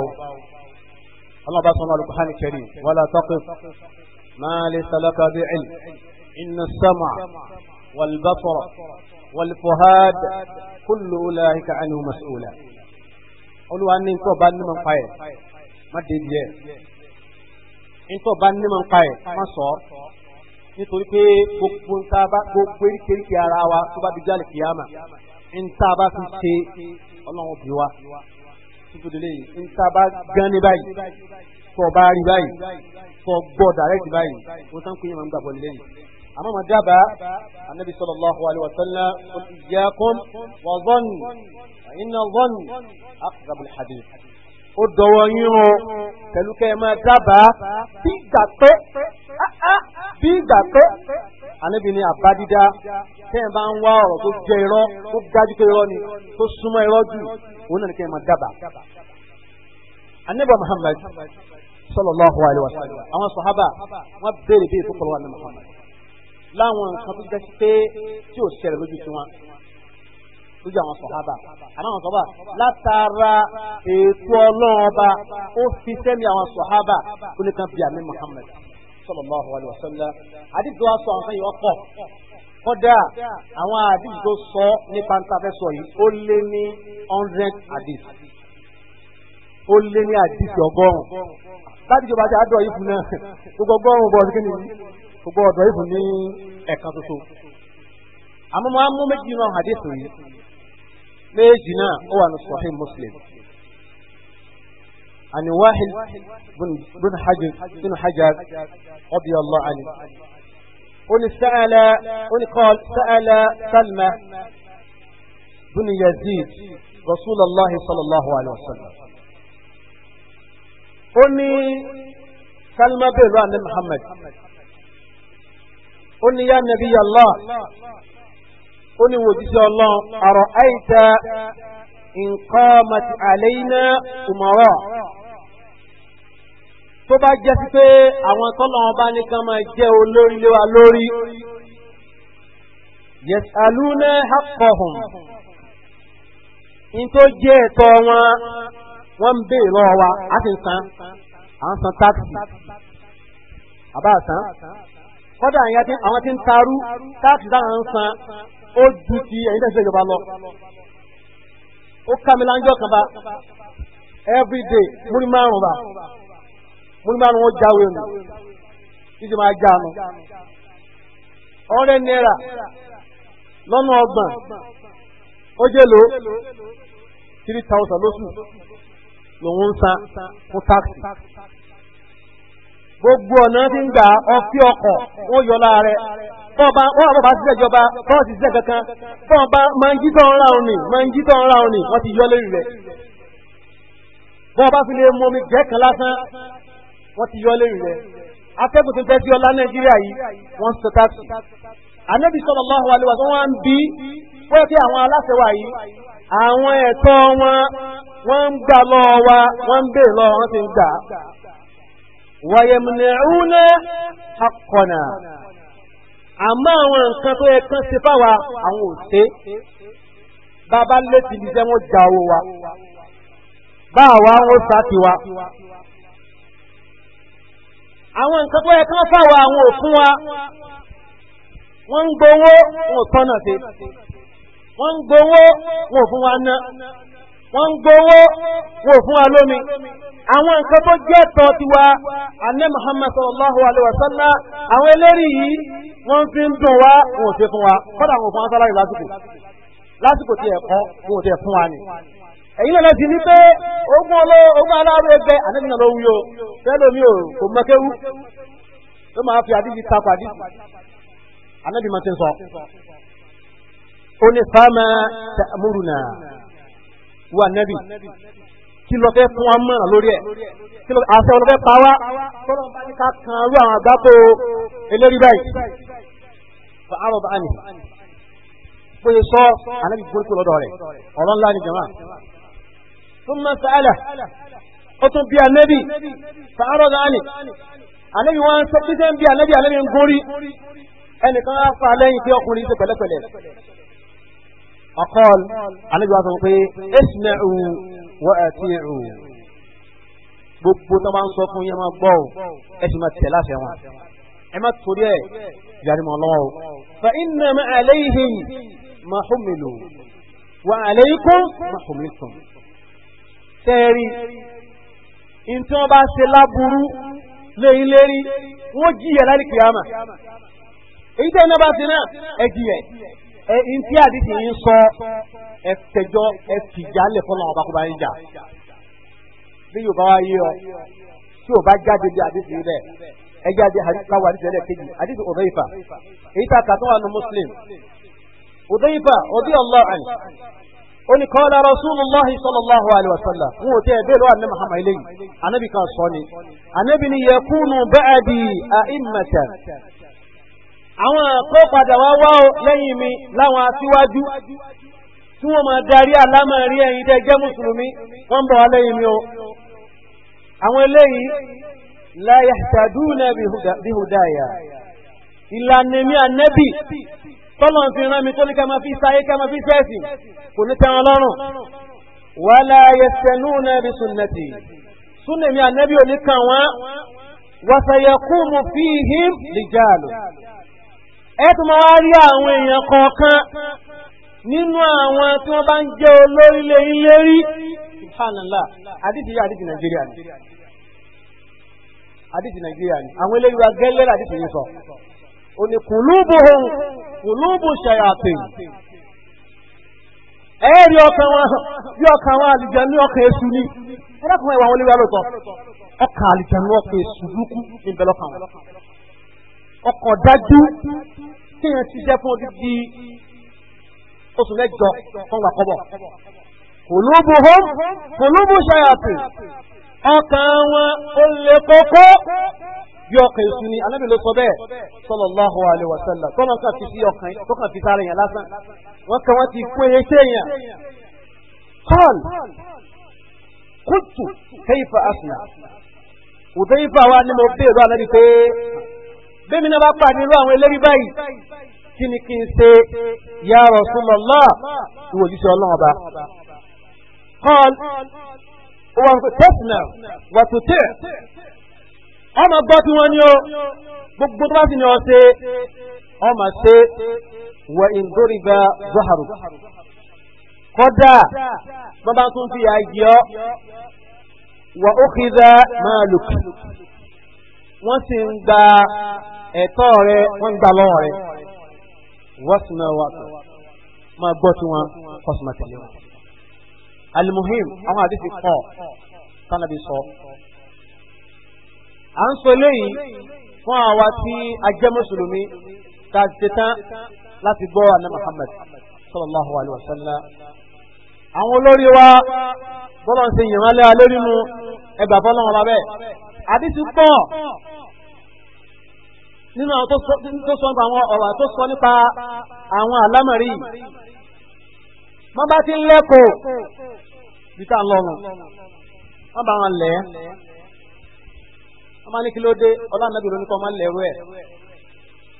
ọlọ́run ọba sọ náà hàn kẹrì wala taqif ma laysa laka bihi ilm inna sama wal basara wal fuhad kullu má débi ẹ̀ ntọ́ bá nímọ̀ nípa ẹ̀ má sọ ọ́ nítorí pé gbogbo nta bá gbogbo eríkèéríkèé ara wa tó bá di jáde kìyàmà nta bá fi ṣe ọlọ́run bí wa tuntun délé yìí nta bá gán ní báyìí tọ́ bá rí báyìí tọ́ gbọ́ dàrẹ́tì báyìí wọ́n tán kó yẹn máa ń gbàgbọ́ nílé yìí. أما ما جاب النبي صلى الله عليه وسلم قل إياكم وظن فإن الظن أقرب الحديث ó dọ̀wọ́ yín o pẹ̀lú kẹ́ ẹ máa dábàá bí ìgbà pé bí ìgbà pé àníbi ni àbá kẹ́ ẹ bá ń wá ọ̀rọ̀ tó jẹ irọ́ tó dájú pé irọ́ ni tó súnmọ́ irọ́ jù òun náà ni kẹ́ ẹ máa dábàá. Ànábì Muhammad sallallahu alaihi wasallam àwọn sàhábà wọn béèrè bí ètò ní Muhammad láwọn nǹkan tó lójú àwọn sọ̀hábà àmọ́ àwọn sọ̀hábà látara ètò ọlọ́run ọba ó fi sẹ́mi àwọn sọ̀hábà ó lè kan bí àmì Muhammad sallallahu alaihi wasallam àdìgbò wa sọ àwọn yìí ọkọ̀ kódà àwọn àdìgbò tó sọ nípa ntàfẹ́ sọ yìí ó lé ní hundred àdìs ó lé ní àdìs ọgọ́rùn-ún láti ìjọba àti àdọ̀ yìí fún náà gbogbo ọgọ́rùn-ún bọ̀ kí ni gbogbo ọ̀dọ̀ yìí fún ní ẹ̀kan tuntun àmọ́ mo á mú méjì náà àdìs yìí. ليجنا هو نصحيح مسلم عن واحد بن حجر بن حجر رضي الله عنه قل سأل قل قال سأل سلمة بن يزيد رسول الله صلى الله عليه وسلم قلني سلمة بن محمد قلني يا نبي الله ó ní wòjíṣẹ́ ọlọ́run ọ̀rọ̀ àìta nǹkan mati àlẹ́yìnà tùmọ̀rọ̀ tó bá jẹ́ sí pé àwọn tọ́lọ́wọ́n ma nìkan máa jẹ́ olórí lé wa lórí yẹ̀sàlúnà hàkọ̀hùn in tó jẹ́ ẹ̀tọ́ wọn wọ́n ń béèrè lọ́wọ́ á sì ń san à ń san táàkì àbá kọ́dà àwọn ń tarú san ó ju ti ẹ̀yin tẹ̀sí ìjọba lọ ó ká mi kan bá everyday múni márùn bá múni márùn wọn jáwé nù títí máa já nù ọ̀rẹ́ náírà lọ́nà ọgbọ̀n ó jẹ́ lo three thousand lóṣù lòun ń gbogbo ọ̀nà tí ń gbà ọfí ọkọ̀ wọ́n yọ láàrẹ bọ́ọ̀bá wọ́n àbọ̀bá sílẹ̀ ìjọba bọ́ọ̀sì sílẹ̀ kankan bọ́ọ̀bá máa ń jí tán ra òní máa ń jí tán ra òní wọ́n ti yọ lérí rẹ̀ bọ́ọ̀bá fi lè mú omi gẹ́ẹ̀kan lásán wọ́n ti yọ lérí rẹ̀ akẹ́kọ̀ọ́ tó fẹ́ sí ọlá nàìjíríà yìí wọ́n ń sọ táàkì ànábì sallallahu alaihi wasallam wọ́n ń bí wọ́n pé àwọn aláṣẹ wa yìí àwọn ẹ̀tọ́ wọn wọ́n ń gbà lọ́wọ́ wa wọ́n ń bèèrè lọ́wọ́ wọn ti ń gbà wàyẹ̀mùnẹ̀rúnà akọ̀nà àmọ́ àwọn nǹkan tó yẹ kán ṣe fáwa àwọn òṣè bàbá létí ní jẹ́ wọ́n ja owó wa bá àwa wọn sá tiwa àwọn nǹkan tó yẹ kán fáwa àwọn òfún wa wọ́n ń gbowó wọn ò tọ́nà sí wọ́n ń gbowó wọn ò fún wa ná. wọ́n ń gbowó wò fún wa lómi àwọn nǹkan tó jẹ́ tiwa anẹ́ muhammad sallallahu alaihi wa sallam àwọn eléyìí yìí wọ́n fi ń dùn wá wọn ò fún wa kọ́dà wọn fún wa sálárì lásìkò lásìkò fún wa ni èyí lọ́nà ti ní pé ogun ogun aláwọ̀ ẹgbẹ́ àdébìnà ló kò mọ́kéwú máa fi wà nẹ́bì kí lọ fẹ́ fún wa mọ̀ràn lórí ẹ̀ kí lọ àṣẹ wọn lọ fẹ́ pa wá tọ́lọ́ bá ní ká kan rú àwọn àgbákò eléri báyìí fa àrò bá ní bó ṣe sọ ànábì gbóríkó lọ́dọ̀ rẹ̀ ọ̀rọ̀ ńlá ni jama fún mọ́ sàálà ó tún bí ànábì fa àrò bá ní ànábì wọn sọ bí sẹ́ ń bí ànábì ànábì ń gorí ẹnìkan á fa lẹ́yìn pé ọkùnrin ṣe pẹ̀lẹ́pẹ̀lẹ́ ọkọ́l alẹ́gbẹ̀ẹ́ sọ pé isma'u wa ati'u gbogbo tó máa ń sọ fún yẹn máa gbọ́ ọ ẹ sì máa tẹ̀ láṣẹ wọn ẹ má torí ẹ yàrìmọ̀ lọ́wọ́ o. fa inna ma alayhim ma humilu wa alaykum ma humiltum. sẹ́ẹ̀rì ntí wọ́n bá ṣe láburú lẹ́yìn lérí wọ́n jìyà lálẹ́ kìyàmà èyí tẹ́ ẹ náà bá ṣe náà ẹ jìyà ẹ n tí àdìsí yín sọ ẹ tẹjọ ẹ fìjálẹ fọlọ ọba kó bá yín jà bí yóò bá wá yé ọ tí ò bá jáde bí àdìsí yín bẹ ẹ jáde káwọ àdìsí yẹn kejì àdìsí Udayfa èyí tá a kà tó wà ní Muslim Udayfa radiyallahu anhu ó ní kọ́lá rasulullah sallallahu alaihi wasallam fún òtí ẹ̀bẹ́ lọ́wọ́ ní muhammad lẹ́yìn anábì kan sọ ni anábì ni yakunu ba'di a'immatan àwọn àkọ́ padà wá wá o lẹ́yìn mi láwọn aṣíwájú tí wọ́n máa darí àlámọ̀rí ẹ̀yin tẹ́ jẹ́ mùsùlùmí wọ́n ń bọ̀ wá lẹ́yìn mi o àwọn eléyìí la yahtaduna bihudaya ìlànà mi ànẹ́bì tọ́lọ̀ fi rán mi tó ní ká máa fi sáyé ká máa fi fẹ́ẹ̀sì kò ní tẹ́wọn lọ́rùn wala yastanuna bisunnati súnà mi ànẹ́bì ò ní kàn wọ́n wa sayaqumu fihim rijalu ẹ tó máa wá rí àwọn èèyàn kọ̀ọ̀kan nínú àwọn tí wọ́n bá ń jẹ́ olórí ilé rí nàìjíríà ni nàìjíríà ni àwọn eléyìí wa gẹ́lẹ́ àdìsí yìí sọ ò ní kùlùbù rí ọkàn wọn bí ọkàn wọn ní ọkàn èṣù ni wọn ọkọ̀ dájú kí yẹn ti jẹ́ fún ọdún di oṣù mẹ́jọ fún wa kọ́bọ̀. kòlóbù hom kòlóbù ṣayàtì ọkàn wọn ó lè kókó bí ọkàn èṣù ni anábì ló sọ bẹ́ẹ̀ sallallahu alaihi wasallam tọ́lọ́ kan fi ọkàn tó kàn fi sára yẹn lásán wọ́n kàn wọ́n ti kó eyín séèyàn. قال قلت كيف أصنع وضيف وأنا مبدئ وأنا بكي bẹ́mi náà bá pàdé irú àwọn eléri báyìí kí ni kí n ṣe ya Rasulullah ìwò jíṣẹ́ ọlọ́run ọba. kọ́ọ̀l wọn kò tẹ́sínà wàtò tẹ́ ọmọ gbọ́ tí wọ́n ní o gbogbo tó bá sì ní ọ ṣe ọmọ ṣe wọ ìgbóríga zuharu kódà bàbá tún fi àjẹ́ wà ó kí dá máa lòkì wọ́n sì ń gba ẹ̀tọ́ rẹ wọ́n ń gba lọ́wọ́ rẹ wọ́n sì máa wà tó máa gbọ́ tí wọ́n kọ́ sí máa tẹ̀lé wọn. alimuhim àwọn àdìsí pọ̀ tánàbí sọ. à ń sọ eléyìí fún àwa tí a jẹ́ mùsùlùmí ká ṣe tán láti gbọ́ àná Muhammad sallallahu alayhi wa sallam. àwọn olórí wa bọ́lá ń ṣe yìnrán lẹ́wà lórí mu ẹgbàá bọ́lá wọn lábẹ́ àdìsí pọ̀ nínú àwọn tó sọ àwọn ọ̀rọ̀ tó sọ nípa àwọn àlámọ̀rí wọ́n bá ti ń lẹ́kọ̀ọ́ bí tá à ń lọ́rùn wọ́n bá wọn lẹ̀ ẹ́ wọ́n máa ní kí ló dé ọlọ́ọ̀nàbí ló ní kọ́ máa ń ẹ̀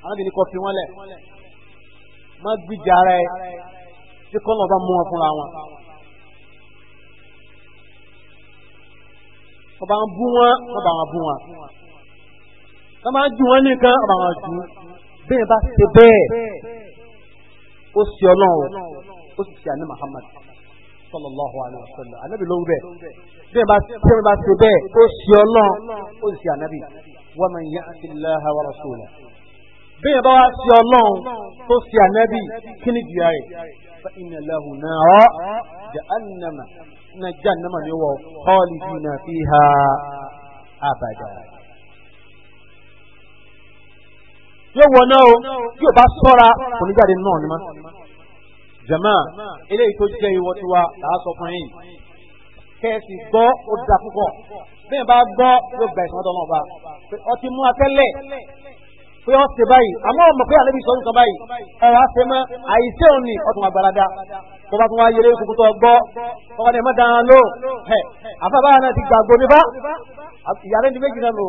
àwọn ìdílé kọ́ fi wọ́n lẹ̀ má gbìjà ara ẹ tí kọ́ náà bá mú wọn fúnra wọn. wọ́n bá bú wọn wọ́n bá bú wọn wọ́n máa ń ju wọn nìkan ọ̀rọ̀ àwọn àjù bẹ́ẹ̀ bá ṣe bẹ́ẹ̀ ó sì ọlọ́run ó sì ṣe àní Muhammad sallallahu alayhi wa sallam anabi ló ń bẹ̀ bẹ́ẹ̀ bá ṣe bá ṣe bẹ́ẹ̀ ó sì ọlọ́run ó sì ṣe ànábì wa man ya'ti Allaha wa rasulahu bẹ́ẹ̀ bá wá ṣe ọlọ́run tó ṣe ànábì kí ni jìyà rẹ̀ fa inna lahu nara jahannama na jahannama ni wọ́n khalidina fiha abada. yóò wọ náà o yóò bá sọ́ra kò ní jáde náà ni ma. jama eléyìí tó jẹ́ ìwọ tiwa làá sọ fún yín kẹ́ẹ̀sì gbọ́ ó da púpọ̀ bẹ́ẹ̀ bá gbọ́ yóò gba ìsọ̀tọ̀ náà bá ọtí mú akẹ́lẹ̀ pé ọ ṣe báyìí àmọ́ ọmọ pé àlebi sọ́yìn kan báyìí ẹ̀rọ àṣẹ mọ́ àìsẹ́ òní ọtún àgbàlagbà tó bá tún wá yẹlé kókó tó gbọ́ ọkọ ní ẹ̀ mọ́ dáná ló ẹ̀ àfàbáyà náà ti gbàgbọ́ nípa ìyàrá ẹni méjì náà lò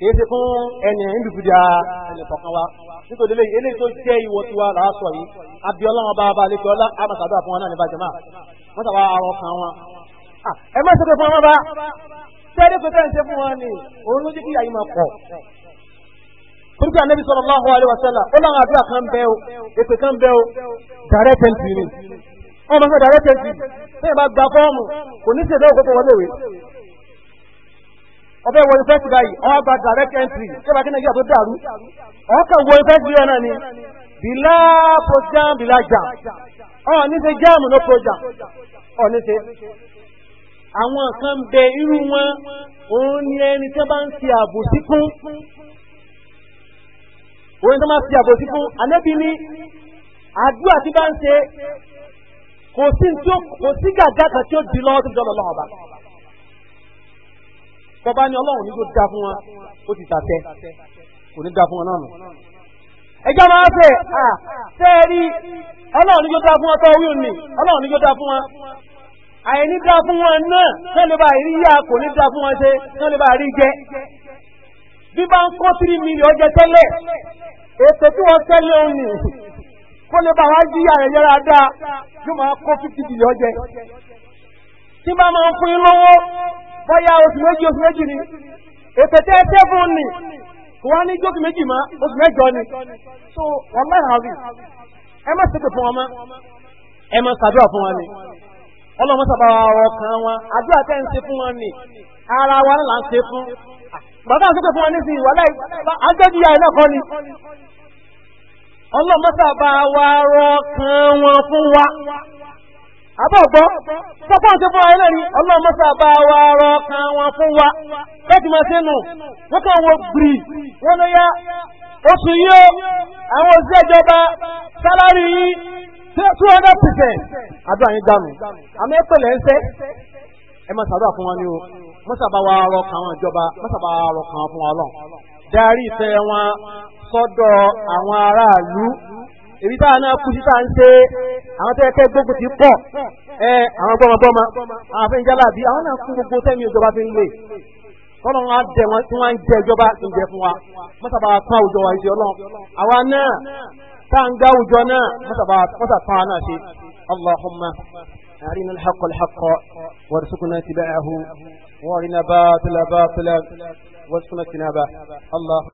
kìí ṣe fún ẹni ìdùkúdà ẹni kọ̀ọ̀kan wa nítorí lẹ́yìn eléyìí tó jẹ́ ìwọ tiwa làásọ yìí abiola wọn bá a bá a lè fi ọlá àmàṣàdó àfọwọn náà ní bàjẹ́ máa wọ́n sábà arọ kan wọn. ẹ má ṣe pé fún wọn bá sẹ́ẹ̀dẹ́ pé tẹ́ ń ṣe fún wọn ni òun ló jẹ́ kí àyè máa pọ̀. torí pé anabi sallallahu alaihi wasallam ó láwọn àdúrà kan bẹ́ o èpè kan bẹ́ o dàrẹ́ tẹ́ǹtì ni wọ́n máa ń sọ dàrẹ́ tẹ́ǹtì ọbẹ̀ wọ ifẹ́ ti báyìí ọwọ́ bá direct entry ṣẹ́bà kí nàìjíríà tó dàrú ọkàn wọ ifẹ́ ti náà ni bìlá program bìlá jam ọ̀ ní ṣe jam ló program ọ̀ ní ṣe àwọn kan bẹ irú wọn òun ni ẹni tó bá ń fi ààbò sí fún òun tó máa fi ààbò sí fún ànẹ́bí ní àdúrà tí bá ń ṣe kò sí gàgá kan tí ó di lọ́wọ́ tó jọ lọ́wọ́ ọba bọ́bá ní ọlọ́run ní tó dá fún wọn ó ti tàtẹ kò ní dá fún wọn náà nù. ẹjọ́ máa ń fẹ́ à tẹ́ ẹ rí ọlọ́run ní tó dá fún wọn tọ́ wíwọ̀n ni ọlọ́run ní tó dá fún wọn. àìní dá fún wọn náà náà lè bá rí yá kò ní dá fún wọn ṣe náà lè bá rí jẹ. bí bá ń kọ́ tírí mílíọ̀n jẹ tẹ́lẹ̀ ètò tí wọ́n tẹ́lẹ̀ òun nì kó lè bá wá jíyà rẹ̀ yára dáa yóò máa kó fífi bìlíọ̀n jẹ. bọ́yá méjì oṣù méjì ni ètètè ẹtẹ́ ni kò wá ní jókè méjì ni so wọ́n máa hàn bí ẹ má ṣépè fún wọn mọ́ ẹ má fún wọn ni ọlọ́mọ sábà ọkàn wọn àdúrà nse fún wọn ni ara wa là ń ṣe fún bàbá fún wọn ní sí ìwà láì àjọjìyà náà ni ọlọ́mọ sábà wa wọn fún wa. àbọ̀gbọ́ sọ́pọ̀ tí fún ayé rí ọlọ́mọ́sà bá wa rọ kan wọn fún wa lẹ́tì ma ṣe nù wọ́n kàn wọ gbìrì wọ́n ló yá oṣù yíó àwọn òṣìṣẹ́ ìjọba sálárì yìí two hundred percent àdúrà yín dànù ẹ fún wọn ni o mọ́sà bá wa rọ kan wọn ìjọba bá wa rọ kan fún wọn lọ èyí táwa náà kú sí táà ń ṣe àwọn tẹ́lẹ̀ tẹ́ gbógun ti pọ̀ ẹ àwọn gbọ́mọgbọ́mọ àwọn afẹ́ ìjálá bí àwọn náà kú gbogbo tẹ́mi ìjọba fi ń lè kọ́lọ́ wọn jẹ wọn tí wọ́n ń jẹ ìjọba ìjẹ fún wa mọ́sàbà kan àwùjọ wa ìṣe ọlọ́run àwa náà táà ń gá àwùjọ náà mọ́sàbà kan wa náà ṣe allahumma أرنا الحق الحق وارزقنا اتباعه وارنا باطل باطلا وارزقنا اجتنابه الله